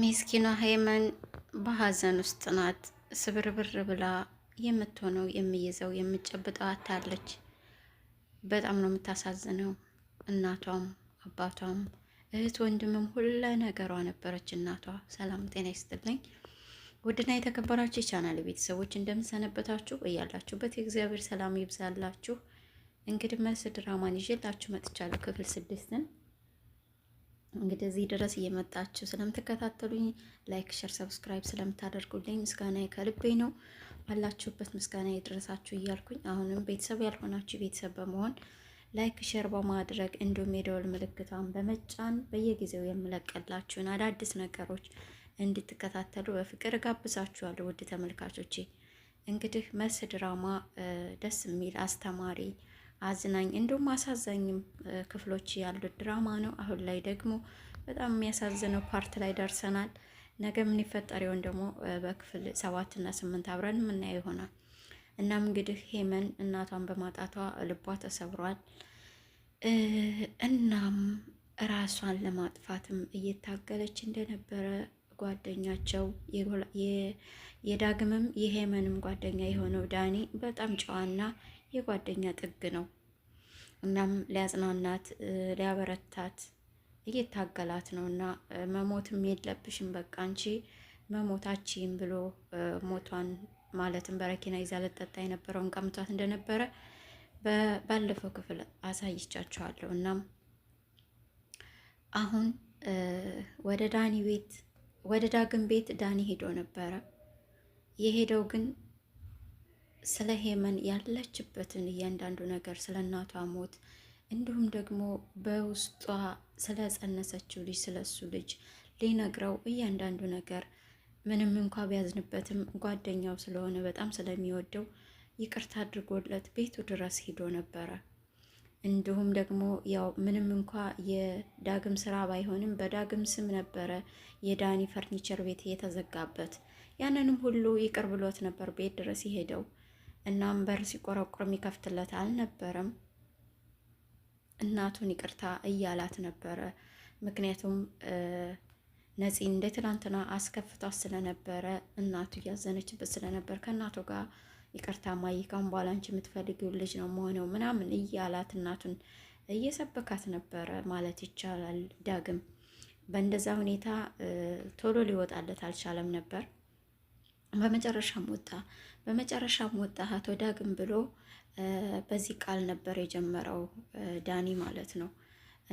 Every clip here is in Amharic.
ሚስኪኗ ሀይመን በሀዘን ውስጥ ናት። ስብርብር ብላ የምትሆነው የሚይዘው የምጨብጠው አታለች። በጣም ነው የምታሳዝነው። እናቷም አባቷም እህት ወንድምም ሁለ ነገሯ ነበረች እናቷ። ሰላም ጤና ይስጥልኝ። ውድና የተከበራችሁ የቻናል ቤተሰቦች እንደምንሰነበታችሁ፣ እያላችሁበት የእግዚአብሔር ሰላም ይብዛላችሁ። እንግዲህ መልስ ድራማን ይዤላችሁ መጥቻለሁ ክፍል ስድስትን እንግዲህ እዚህ ድረስ እየመጣችሁ ስለምትከታተሉኝ ላይክ፣ ሸር፣ ሰብስክራይብ ስለምታደርጉልኝ ምስጋና ከልቤ ነው። ባላችሁበት ምስጋና የደረሳችሁ እያልኩኝ አሁንም ቤተሰብ ያልሆናችሁ ቤተሰብ በመሆን ላይክ፣ ሸር በማድረግ እንዲሁም የደወል ምልክቷን በመጫን በየጊዜው የምለቀላችሁን አዳዲስ ነገሮች እንድትከታተሉ በፍቅር ጋብዛችኋለሁ። ውድ ተመልካቾቼ እንግዲህ መርስ ድራማ ደስ የሚል አስተማሪ አዝናኝ እንዲሁም አሳዛኝም ክፍሎች ያሉት ድራማ ነው። አሁን ላይ ደግሞ በጣም የሚያሳዝነው ፓርት ላይ ደርሰናል። ነገ ምን ይፈጠር ደግሞ በክፍል ሰባት እና ስምንት አብረን የምናየው ይሆናል። እናም እንግዲህ ሄመን እናቷን በማጣቷ ልቧ ተሰብሯል። እናም ራሷን ለማጥፋትም እየታገለች እንደነበረ ጓደኛቸው የዳግምም የሄመንም ጓደኛ የሆነው ዳኒ በጣም ጨዋና የጓደኛ ጥግ ነው። እናም ሊያጽናናት ሊያበረታት እየታገላት ነው እና መሞትም የለብሽም በቃ አንቺ መሞታችን ብሎ ሞቷን ማለትም በረኪና ይዛ ልጠጣ የነበረውን ቀምቷት እንደነበረ ባለፈው ክፍል አሳይቻችኋለሁ። እናም አሁን ወደ ዳኒ ቤት ወደ ዳግም ቤት ዳኒ ሄዶ ነበረ የሄደው ግን ስለ ሄመን ያለችበትን እያንዳንዱ ነገር ስለ እናቷ ሞት እንዲሁም ደግሞ በውስጧ ስለጸነሰችው ልጅ ስለ እሱ ልጅ ሊነግረው እያንዳንዱ ነገር ምንም እንኳ ቢያዝንበትም ጓደኛው ስለሆነ በጣም ስለሚወደው ይቅርታ አድርጎለት ቤቱ ድረስ ሂዶ ነበረ። እንዲሁም ደግሞ ያው ምንም እንኳ የዳግም ስራ ባይሆንም በዳግም ስም ነበረ የዳኒ ፈርኒቸር ቤት የተዘጋበት። ያንንም ሁሉ ይቅር ብሎት ነበር ቤት ድረስ የሄደው። እናም በር ሲቆረቁር የሚከፍትለት አልነበረም። እናቱን ይቅርታ እያላት ነበረ። ምክንያቱም ነፂ እንደ ትላንትና አስከፍቷት ስለነበረ እናቱ እያዘነችበት ስለነበር ከእናቱ ጋር ይቅርታ ማይካም በኋላ አንቺ የምትፈልጊው ልጅ ነው መሆነው ምናምን እያላት እናቱን እየሰበካት ነበረ ማለት ይቻላል። ዳግም በእንደዛ ሁኔታ ቶሎ ሊወጣለት አልቻለም ነበር። በመጨረሻም ወጣ። በመጨረሻም ወጣ አቶ ዳግም ብሎ በዚህ ቃል ነበር የጀመረው ዳኒ ማለት ነው።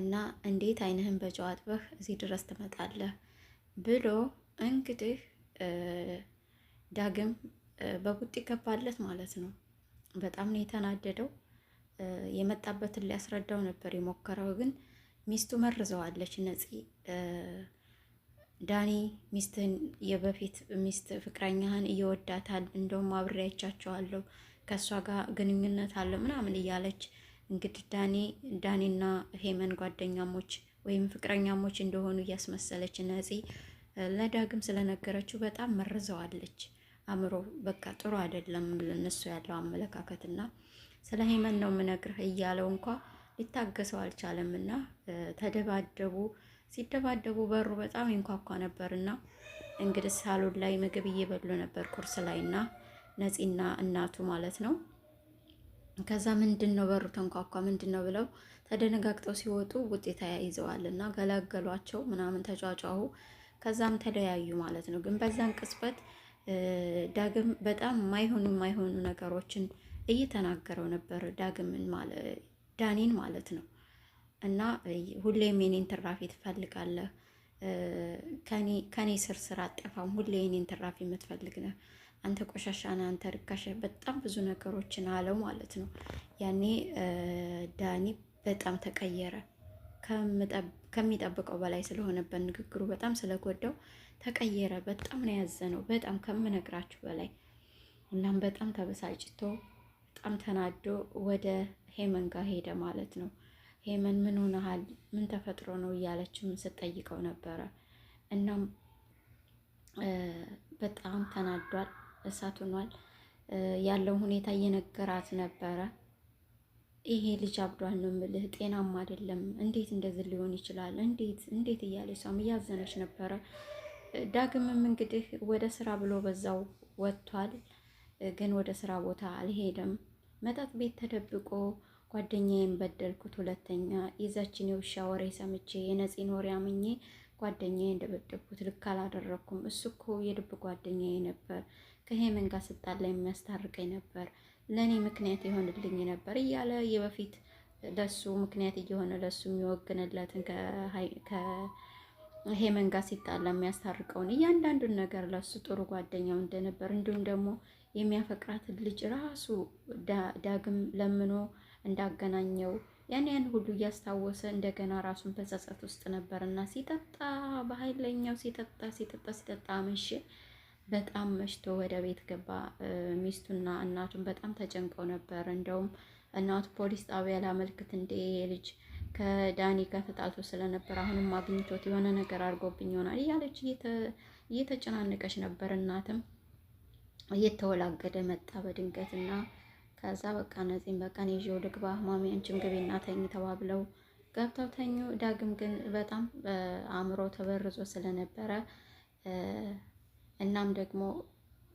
እና እንዴት አይንህን በጨዋት በህ እዚህ ድረስ ትመጣለህ ብሎ እንግዲህ ዳግም በቡጢ ይገባለት ማለት ነው። በጣም ነው የተናደደው። የመጣበትን ሊያስረዳው ነበር የሞከረው፣ ግን ሚስቱ መርዘዋለች ነፂ ዳኒ ሚስትህን የበፊት ሚስት ፍቅረኛህን እየወዳታል እንደውም አብሬያቻቸዋለሁ ከእሷ ጋር ግንኙነት አለው ምናምን እያለች እንግዲህ ዳኒ ዳኒና ሄመን ጓደኛሞች ወይም ፍቅረኛሞች እንደሆኑ እያስመሰለች ነፂ ለዳግም ስለነገረችው በጣም መርዘዋለች። አእምሮ በቃ ጥሩ አይደለም ለእነሱ ያለው አመለካከትና ስለ ሄመን ነው የምነግርህ እያለው እንኳ ሊታገሰው አልቻለም እና ተደባደቡ። ሲደባደቡ በሩ በጣም ይንኳኳ ነበርና እንግዲህ ሳሎን ላይ ምግብ እየበሉ ነበር ቁርስ ላይና ነፂና እናቱ ማለት ነው። ከዛ ምንድን ነው በሩ ተንኳኳ፣ ምንድን ነው ብለው ተደነጋግጠው ሲወጡ ውጤታ ያይዘዋል እና ገላገሏቸው ምናምን ተጫጫሁ። ከዛም ተለያዩ ማለት ነው። ግን በዛን ቅጽበት ዳግም በጣም የማይሆኑ የማይሆኑ ነገሮችን እየተናገረው ነበር ዳግምን ዳኒን ማለት ነው። እና ሁሌም የኔን ትራፊ ትፈልጋለህ፣ ከኔ ስር ስር አጠፋም። ሁሌ የኔን ትራፊ የምትፈልግ ነህ አንተ ቆሻሻ ነህ፣ አንተ ርካሽ፣ በጣም ብዙ ነገሮችን አለው ማለት ነው። ያኔ ዳኒ በጣም ተቀየረ። ከሚጠብቀው በላይ ስለሆነበት ንግግሩ በጣም ስለጎዳው ተቀየረ። በጣም ነው ያዘነው፣ በጣም ከምነግራችሁ በላይ እናም በጣም ተበሳጭቶ በጣም ተናዶ ወደ ሄመን ጋር ሄደ ማለት ነው። ሄመን ምን ሆነሃል? ምን ተፈጥሮ ነው እያለችም ስትጠይቀው ነበረ። እናም በጣም ተናዷል፣ እሳት ሆኗል። ያለው ሁኔታ እየነገራት ነበረ። ይሄ ልጅ አብዷል ነው የምልህ፣ ጤናማ አይደለም። እንዴት እንደዚህ ሊሆን ይችላል? እንዴት እንዴት እያለች እሷም እያዘነች ነበረ። ዳግምም እንግዲህ ወደ ስራ ብሎ በዛው ወጥቷል፣ ግን ወደ ስራ ቦታ አልሄደም። መጠጥ ቤት ተደብቆ ጓደኛዬን በደልኩት። ሁለተኛ የዛችን የውሻ ወሬ ሰምቼ የነፂን ወሬ አምኜ ጓደኛዬ እንደበደልኩት ልክ አላደረኩም። እሱ እኮ የልብ ጓደኛዬ ነበር፣ ከሄመን ጋር ስጣላ የሚያስታርቀኝ ነበር፣ ለእኔ ምክንያት የሆንልኝ ነበር እያለ የበፊት ለሱ ምክንያት እየሆነ ለሱ የሚወግንለትን ከሄመን ጋር ሲጣላ የሚያስታርቀውን እያንዳንዱን ነገር ለሱ ጥሩ ጓደኛው እንደነበር እንዲሁም ደግሞ የሚያፈቅራትን ልጅ ራሱ ዳግም ለምኖ እንዳገናኘው ያን ያን ሁሉ እያስታወሰ እንደገና ራሱን በጸጸት ውስጥ ነበርና ሲጠጣ በኃይለኛው ሲጠጣ ሲጠጣ ሲጠጣ መሸ። በጣም መሽቶ ወደ ቤት ገባ። ሚስቱና እናቱን በጣም ተጨንቀው ነበር። እንደውም እናቱ ፖሊስ ጣቢያ ላመልክት እንዴ ልጅ ከዳኒ ጋር ተጣልቶ ስለነበር አሁንም አግኝቶት የሆነ ነገር አድርጎብኝ ይሆናል እያለች እየተጨናነቀች ነበር። እናትም እየተወላገደ መጣ በድንገትና ከዛ በቃ እነዚህም በቃን ይዤው ልግባ ማሚ አንቺም ግቢና ተኝ ተባብለው ገብተው ተኙ። ዳግም ግን በጣም አእምሮ ተበርዞ ስለነበረ እናም ደግሞ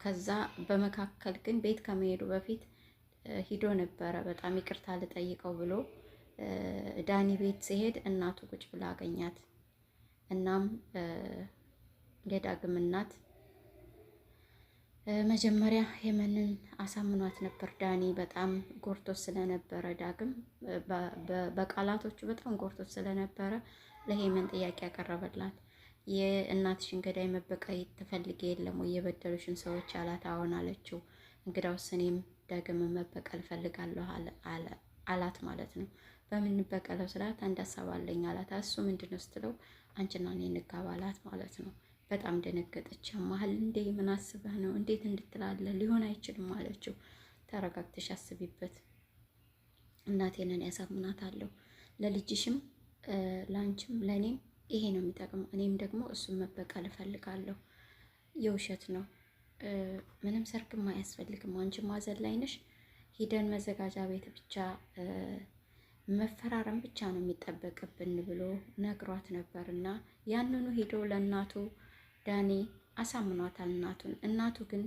ከዛ በመካከል ግን ቤት ከመሄዱ በፊት ሂዶ ነበረ በጣም ይቅርታ ልጠይቀው ብሎ ዳኒ ቤት ሲሄድ እናቱ ቁጭ ብላ አገኛት። እናም የዳግም እናት መጀመሪያ የመንን አሳምኗት ነበር። ዳኒ በጣም ጎርቶ ስለነበረ ዳግም በቃላቶቹ በጣም ጎርቶ ስለነበረ ለሄመን ጥያቄ ያቀረበላት የእናትሽን ገዳይ መበቀል ትፈልጊ የለም ወይ የበደሉሽን ሰዎች አላት። አዎን አለችው። እንግዳውስ እኔም ዳግም መበቀል እፈልጋለሁ አላት ማለት ነው። በምንበቀለው ስላት አንድ ሀሳብ አለኝ አላት። እሱ ምንድነው ስትለው አንቺና እኔ እንጋባ አላት ማለት ነው። በጣም ደነገጠች። ያማሃል እንዴ? ምን አስበህ ነው? እንዴት እንድትላለህ? ሊሆን አይችልም አለችው። ተረጋግተሽ አስቢበት፣ እናቴንን ያሳምናታለሁ። ለልጅሽም፣ ለአንቺም፣ ለእኔም ይሄ ነው የሚጠቅመው። እኔም ደግሞ እሱን መበቀል እፈልጋለሁ። የውሸት ነው። ምንም ሰርግም አያስፈልግም። አንቺ ማዘን ላይ ነሽ። ሂደን መዘጋጃ ቤት ብቻ መፈራረም ብቻ ነው የሚጠበቅብን ብሎ ነግሯት ነበር እና ያንኑ ሄዶ ለእናቱ ዳኒ አሳምኗታል እናቱን። እናቱ ግን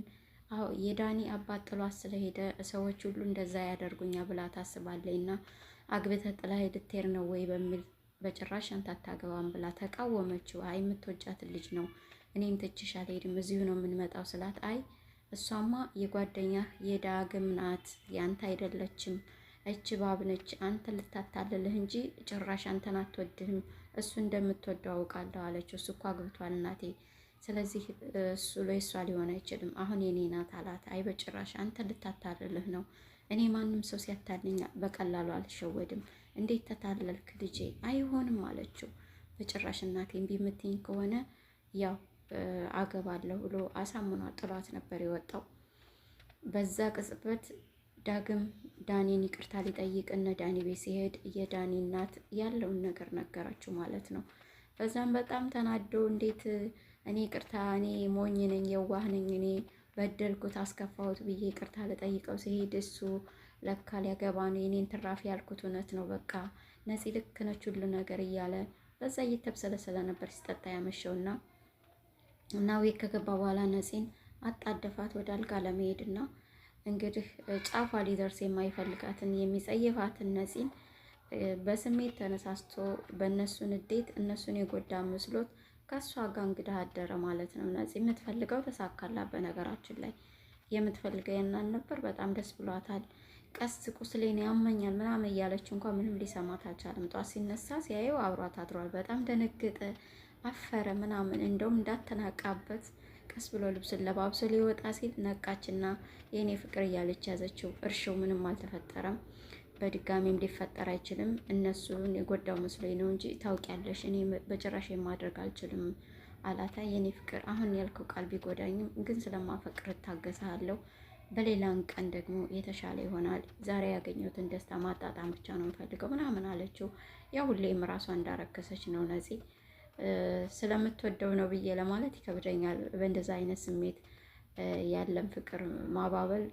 አዎ የዳኒ አባት ጥሏት ስለሄደ ሰዎች ሁሉ እንደዛ ያደርጉኛ ብላ ታስባለች። እና አግብተ ጥላ ልትሄድ ነው ወይ በሚል በጭራሽ አንተ አታገባም ብላ ተቃወመችው። አይ የምትወጫት ልጅ ነው እኔም ትችሽ አልሄድም እዚሁ ነው የምንመጣው ስላት፣ አይ እሷማ የጓደኛ የዳግም ናት ያንተ አይደለችም እች ባብነች አንተ ልታታልልህ እንጂ ጭራሽ አንተን አትወድህም። እሱ እንደምትወደው አውቃለሁ አለችው። እሱ እኮ አግብቷል እናቴ ስለዚህ እሱ ለእሷ ሊሆን አይችልም። አሁን የኔ ናት አላት። አይ በጭራሽ አንተ ልታታልልህ ነው። እኔ ማንም ሰው ሲያታልኝ በቀላሉ አልሸወድም። እንዴት ተታለልክ ልጄ? አይሆንም አለችው። በጭራሽ እናቴ እምቢ ከሆነ ያው አገባለሁ ብሎ አሳምኗ ጥሏት ነበር የወጣው። በዛ ቅጽበት ዳግም ዳኒን ይቅርታ ሊጠይቅ ዳኒ ቤት ሲሄድ የዳኒ እናት ያለውን ነገር ነገራችሁ ማለት ነው። በዛም በጣም ተናዶ እንዴት እኔ ቅርታ እኔ ሞኝ ነኝ፣ የዋህ ነኝ፣ እኔ በደልኩት አስከፋሁት ብዬ ቅርታ ልጠይቀው ሲሄድ እሱ ለካ ሊያገባ ነው። የኔን ትራፊ ያልኩት እውነት ነው። በቃ ነፂ ልክ ነች ሁሉ ነገር እያለ በዛ እየተብሰለሰለ ነበር ሲጠጣ ያመሸውና እና ቤት ከገባ በኋላ ነፂን አጣደፋት ወደ አልጋ ለመሄድ ለመሄድና እንግዲህ ጫፏ ሊደርስ የማይፈልጋትን የሚጸይፋትን ነፂን በስሜት ተነሳስቶ በእነሱን እዴት እነሱን የጎዳ መስሎት ከእሷ ጋር እንግዲህ አደረ ማለት ነው። ነፂ የምትፈልገው ተሳካላት። በነገራችን ላይ የምትፈልገው የናን ነበር። በጣም ደስ ብሏታል። ቀስ ቁስሌን ያመኛል ምናምን እያለች እንኳን ምንም ሊሰማት አልቻለም። ጧት ሲነሳ ሲያየው አብሯት አድሯል። በጣም ደነገጠ፣ አፈረ ምናምን እንደውም እንዳተናቃበት ቀስ ብሎ ልብስን ለባብሶ ሊወጣ ሲል ነቃችና የእኔ ፍቅር እያለች ያዘችው። እርሾው ምንም አልተፈጠረም። በድጋሚም ሊፈጠር አይችልም። እነሱን የጎዳው መስሎኝ ነው እንጂ ታውቂያለሽ፣ እኔ በጭራሽ የማድረግ አልችልም አላታ። የኔ ፍቅር አሁን ያልከው ቃል ቢጎዳኝም ግን ስለማፈቅር እታገሳለሁ። በሌላን ቀን ደግሞ የተሻለ ይሆናል። ዛሬ ያገኘሁትን ደስታ ማጣጣም ብቻ ነው የምፈልገው ምናምን አለችው። ያው ሁሌም ራሷ እንዳረከሰች ነው ነፂ ስለምትወደው ነው ብዬ ለማለት ይከብደኛል። በእንደዛ አይነት ስሜት ያለን ፍቅር ማባበል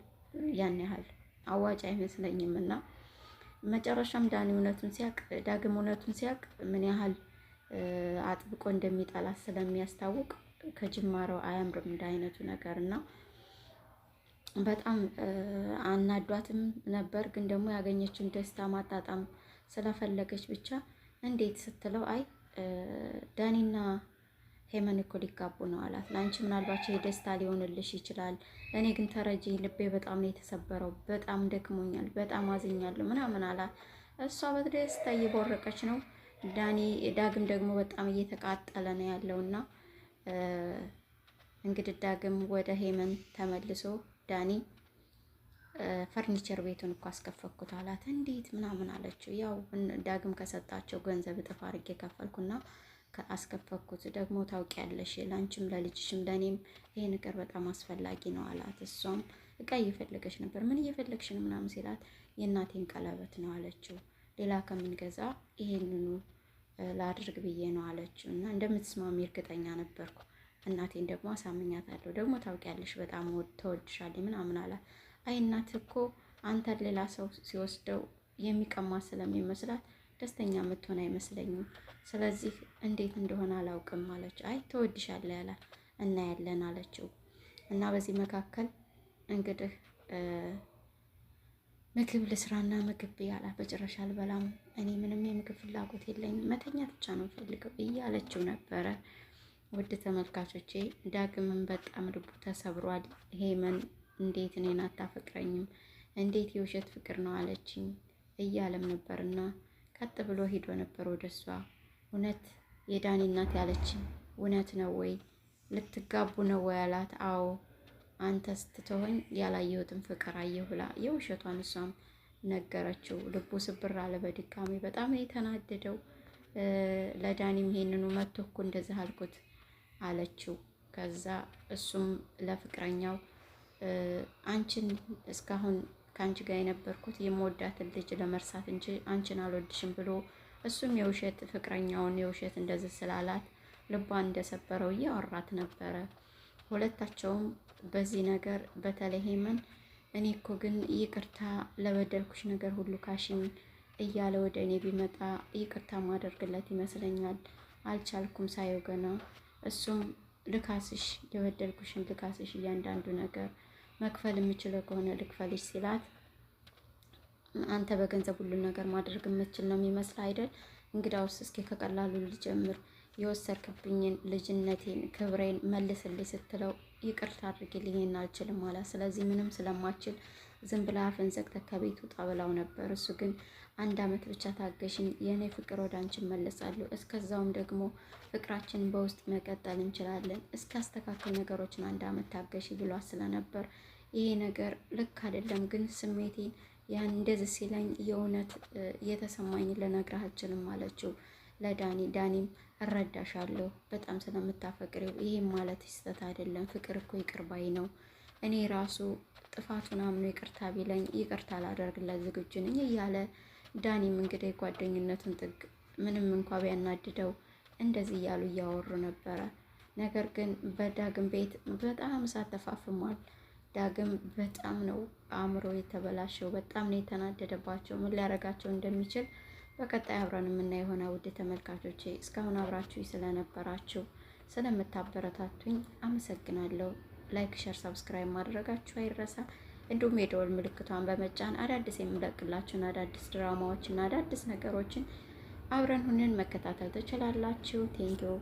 ያን ያህል አዋጭ አይመስለኝም እና መጨረሻም ዳኒ እውነቱን ሲያቅ ዳግም እውነቱን ሲያቅ ምን ያህል አጥብቆ እንደሚጠላት ስለሚያስታውቅ ከጅማሮ አያምርም እንደ አይነቱ ነገር እና በጣም አናዷትም ነበር። ግን ደግሞ ያገኘችውን ደስታ ማጣጣም ስለፈለገች ብቻ እንዴት ስትለው አይ ዳኒና ሄመን እኮ ሊጋቡ ነው አላት። ለአንቺ ምናልባት የደስታ ሊሆንልሽ ይችላል፣ እኔ ግን ተረጂ፣ ልቤ በጣም ነው የተሰበረው፣ በጣም ደክሞኛል፣ በጣም አዝኛለሁ ምናምን አላት። እሷ በደስታ እየቦረቀች ነው። ዳኒ ዳግም ደግሞ በጣም እየተቃጠለ ነው ያለውና እንግዲህ ዳግም ወደ ሄመን ተመልሶ ዳኒ ፈርኒቸር ቤቱን እኮ አስከፈኩት አላት። እንዴት ምናምን አለችው። ያው ዳግም ከሰጣቸው ገንዘብ እጥፍ አድርጌ ከፈልኩና ከአስከፈኩት ደግሞ ታውቂያለሽ፣ ለአንቺም ለልጅሽም ለእኔም ይሄ ነገር በጣም አስፈላጊ ነው አላት። እሷም እቃ እየፈለገች ነበር። ምን እየፈለግሽ ነው ምናምን ሲላት የእናቴን ቀለበት ነው አለችው። ሌላ ከምንገዛ ይሄንኑ ላድርግ ብዬ ነው አለችው። እና እንደምትስማሚ እርግጠኛ ነበርኩ። እናቴን ደግሞ አሳምኛታለሁ። ደግሞ ታውቂያለሽ፣ በጣም ተወድሻለሁ ምናምን አላት። አይ እናት እኮ አንተን ሌላ ሰው ሲወስደው የሚቀማ ስለሚመስላት ደስተኛ የምትሆን አይመስለኝም። ስለዚህ እንዴት እንደሆነ አላውቅም አለች። አይ ተወድሻለ ያላት እናያለን አለችው እና በዚህ መካከል እንግዲህ ምግብ ልስራና ምግብ ያላት በጭራሽ አልበላም እኔ ምንም የምግብ ፍላጎት የለኝም መተኛ ብቻ ነው ፈልገው እያለችው ነበረ። ውድ ተመልካቾቼ ዳግምም በጣም ልቡ ተሰብሯል። ሄመን እንዴት እኔን አታፈቅረኝም? እንዴት የውሸት ፍቅር ነው አለችኝ እያለም ነበርና ቀጥ ብሎ ሄዶ ነበር ወደ እሷ። እውነት የዳኒ እናት ያለችን እውነት ነው ወይ? ልትጋቡ ነው ወይ አላት። አዎ አንተ ስትተሆኝ ያላየሁትን ፍቅር አየሁ ብላ የውሸቷን እሷም ነገረችው። ልቡ ስብር አለ በድጋሚ በጣም የተናደደው። ለዳኒም ይሄንኑ መቶ እኮ እንደዚህ አልኩት አለችው። ከዛ እሱም ለፍቅረኛው አንቺን እስካሁን ከአንቺ ጋር የነበርኩት የምወዳትን ልጅ ለመርሳት እንጂ አንቺን አልወድሽም ብሎ እሱም የውሸት ፍቅረኛውን የውሸት እንደዚህ ስላላት ልቧን እንደሰበረው እያወራት ነበረ። ሁለታቸውም በዚህ ነገር በተለይ ሄመን እኔ እኮ ግን ይቅርታ ለበደልኩሽ ነገር ሁሉ ካሽኝ እያለ ወደ እኔ ቢመጣ ይቅርታ ማደርግለት ይመስለኛል። አልቻልኩም ሳየው ገና እሱም ልካስሽ የበደልኩሽን ልካስሽ እያንዳንዱ ነገር መክፈል የምችለው ከሆነ ልክፈልሽ ሲላት አንተ በገንዘብ ሁሉን ነገር ማድረግ የምችል ነው የሚመስል አይደል? እንግዳውስ እስኪ ከቀላሉ ልጀምር፣ የወሰድክብኝን ልጅነቴን፣ ክብሬን መልስልኝ ስትለው ይቅርታ አድርጊልኝ አልችልም ማለት ስለዚህ ምንም ስለማችል ዝም ብላ አፍን ዘግተህ ከቤቱ ውጣ ብላው ነበር። እሱ ግን አንድ አመት ብቻ ታገሽኝ፣ የእኔ ፍቅር ወደ አንቺ መለሳለሁ። እስከዛውም ደግሞ ፍቅራችንን በውስጥ መቀጠል እንችላለን። አስተካከል ነገሮችን አንድ አመት ታገሽ ብሏት ስለነበር ይሄ ነገር ልክ አይደለም፣ ግን ስሜቴን ያን እንደዚህ ሲለኝ የእውነት እየተሰማኝ ልነግርህ አልችልም አለችው ለዳኒ። ዳኒም እረዳሻለሁ፣ በጣም ስለምታፈቅሪው ይሄም ማለት ስህተት አይደለም፣ ፍቅር እኮ ይቅር ባይ ነው። እኔ ራሱ ጥፋቱን አምኖ ይቅርታ ቢለኝ ይቅርታ ላደርግላት ዝግጁ ነኝ እያለ ዳኒም እንግዲህ ጓደኝነቱን ጥግ ምንም እንኳ ቢያናድደው እንደዚህ እያሉ እያወሩ ነበረ። ነገር ግን በዳግም ቤት በጣም ሳተፋፍሟል። ዳግም በጣም ነው አእምሮ የተበላሸው። በጣም ነው የተናደደባቸው። ምን ሊያደርጋቸው እንደሚችል በቀጣይ አብረን የምናየው የሆነ ውድ ተመልካቾቼ እስካሁን አብራችሁ ስለነበራችሁ ስለምታበረታቱኝ አመሰግናለሁ። ላይክ፣ ሸር፣ ሰብስክራይብ ማድረጋችሁ አይረሳ። እንዲሁም የደወል ምልክቷን በመጫን አዳዲስ የሚለቅላችሁን አዳዲስ ድራማዎችና አዳዲስ ነገሮችን አብረን ሁንን መከታተል ትችላላችሁ። ቴንኪው